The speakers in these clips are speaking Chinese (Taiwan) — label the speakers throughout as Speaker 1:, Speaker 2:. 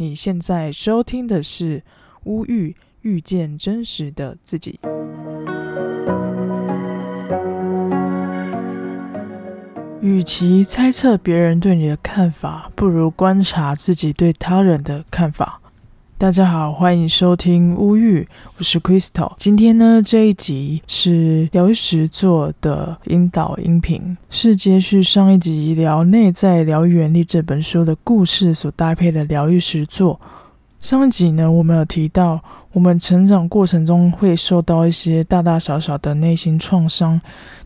Speaker 1: 你現在收聽的是《烏遇遇見真實的自己》。與其猜測別人對你的看法，不如觀察自己對他人的看法。大家好，歡迎收聽屋寓，我是 Crystal。今天呢，這一集是療癒實作的引導音頻，是接續上一集《療內在療癒原力》這本書的故事所搭配的療癒實作。上一集呢，我們有提到，我們成長過程中會受到一些大大小小的內心創傷，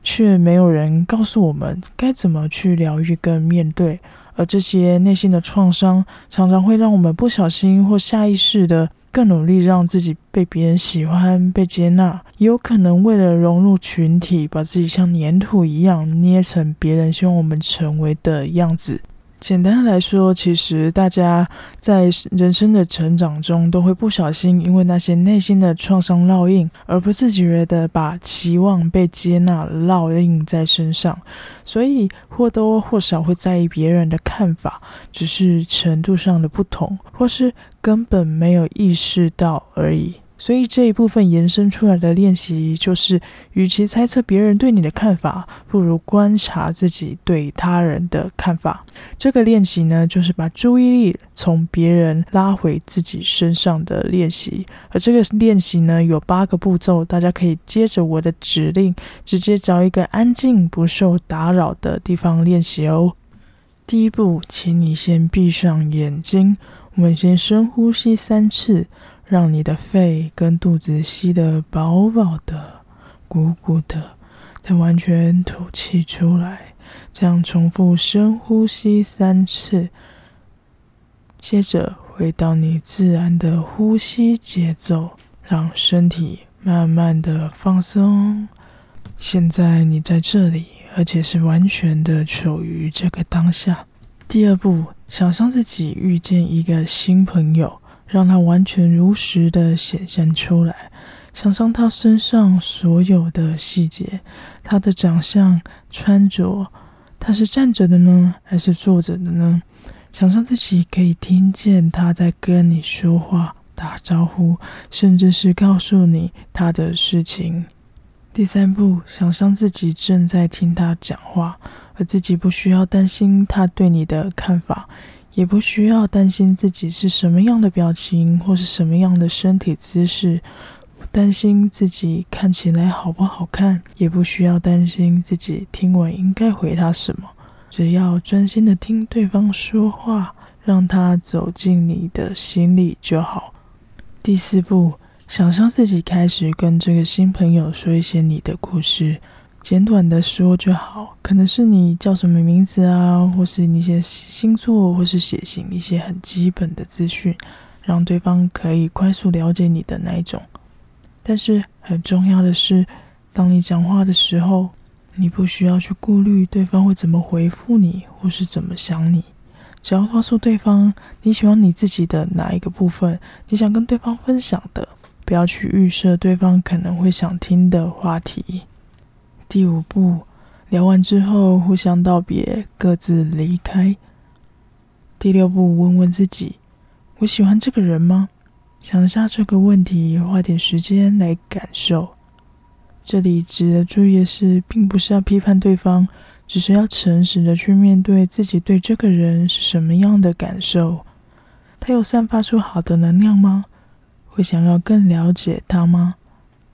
Speaker 1: 卻沒有人告訴我們該怎麼去療癒跟面對。而這些內心的創傷，常常會讓我們不小心或下意識的更努力讓自己被別人喜歡、被接納，也有可能為了融入群體，把自己像黏土一樣捏成別人希望我們成為的樣子。簡單來說，其實大家在人生的成長中，都會不小心因為那些內心的創傷烙印，而不自覺的把期望被接納烙印在身上，所以或多或少會在意別人的看法，只是程度上的不同，或是根本沒有意識到而已。所以這一部分延伸出來的練習，就是與其猜測別人對你的看法，不如觀察自己對他人的看法。這個練習呢，就是把注意力從別人拉回自己身上的練習。而這個練習呢，有八個步驟，大家可以接着我的指令，直接找一個安靜、不受打擾的地方練習哦。第一步，請你先閉上眼睛，我們先深呼吸三次。讓你的肺跟肚子吸得飽飽的、鼓鼓的，再完全吐氣出來，這樣重複深呼吸三次，接着回到你自然的呼吸節奏，讓身體慢慢的放鬆。現在你在這裡，而且是完全的處於這個當下。第二步，想象自己遇見一個新朋友。讓他完全如實地顯現出來，想象他身上所有的細節，他的長相、穿着，他是站着的呢，還是坐着的呢？想象自己可以聽見他在跟你說話、打招呼，甚至是告訴你他的事情。第三步，想象自己正在聽他講話，而自己不需要擔心他對你的看法。也不需要擔心自己是什麼樣的表情，或是什麼樣的身體姿勢，不擔心自己看起來好不好看，也不需要擔心自己聽完應該回他什麼，只要專心的聽對方說話，讓他走進你的心裡就好。第四步，想象自己開始跟這個新朋友說一些你的故事。簡短的說就好，可能是你叫什麼名字啊，或是你一些星座，或是血型，一些很基本的資訊，讓對方可以快速了解你的那一種。但是很重要的是，當你講話的時候，你不需要去顧慮對方會怎麼回復你，或是怎麼想你。只要告訴對方你喜歡你自己的哪一個部分，你想跟對方分享的，不要去預設對方可能會想聽的話題。第五步，聊完之後互相道別，各自離開。第六步，問問自己：我喜歡這個人嗎？想一下這個問題，花點時間來感受。這裡值得注意的是，並不是要批判對方，只是要誠實的去面對自己對這個人是什麼樣的感受。他有散發出好的能量嗎？會想要更了解他嗎？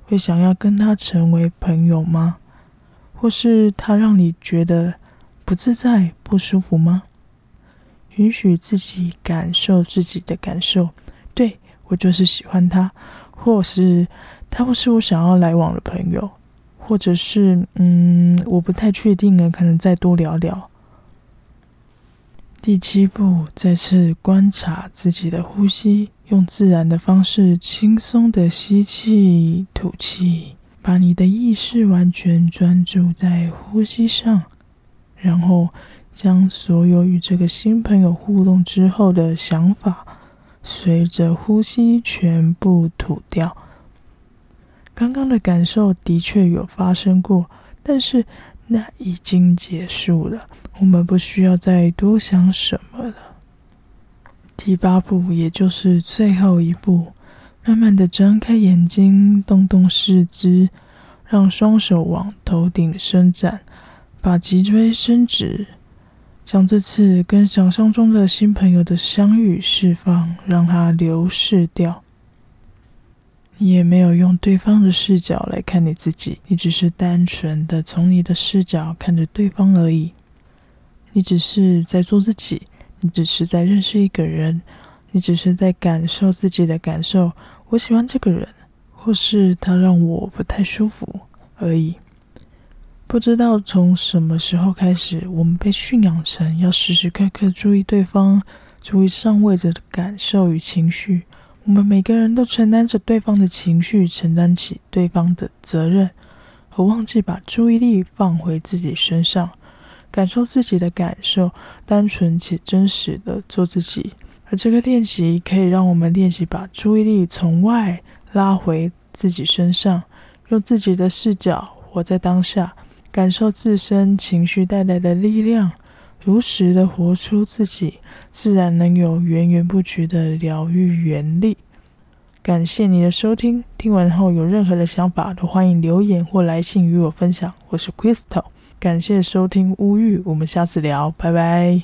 Speaker 1: 會想要跟他成為朋友嗎？或是他讓你覺得不自在、不舒服嗎？允許自己感受自己的感受，對我就是喜歡他，或是他不是我想要來往的朋友，或者是嗯，我不太確定了，可能再多聊聊。第七步，再次觀察自己的呼吸，用自然的方式，輕鬆的吸氣、吐氣。把你的意識完全專注在呼吸上，然後將所有與這個新朋友互動之後的想法，隨着呼吸全部吐掉。剛剛的感受的確有發生過，但是那已經結束了，我們不需要再多想什麼了。第八步，也就是最後一步。慢慢地張開眼睛，動動四肢，讓雙手往頭頂伸展，把脊椎伸直。將這次跟想象中的新朋友的相遇釋放，讓它流逝掉。你也沒有用對方的視角來看你自己，你只是單純地從你的視角看着對方而已。你只是在做自己，你只是在認識一個人，你只是在感受自己的感受。我喜歡這個人，或是他讓我不太舒服而已。不知道從什麼時候開始，我們被馴養成要時時刻刻注意對方，注意上位者的感受與情緒。我們每個人都承擔着對方的情緒，承擔起對方的責任，而忘記把注意力放回自己身上，感受自己的感受，單純且真實的做自己。而這個練習可以讓我們練習把注意力從外拉回自己身上，用自己的視角活在當下，感受自身情緒帶來的力量，如實的活出自己，自然能有源源不絕的療癒原力。感謝你的收聽，聽完後有任何的想法都歡迎留言或來信與我分享。我是 Crystal，感謝收聽烏遇，我們下次聊，拜拜。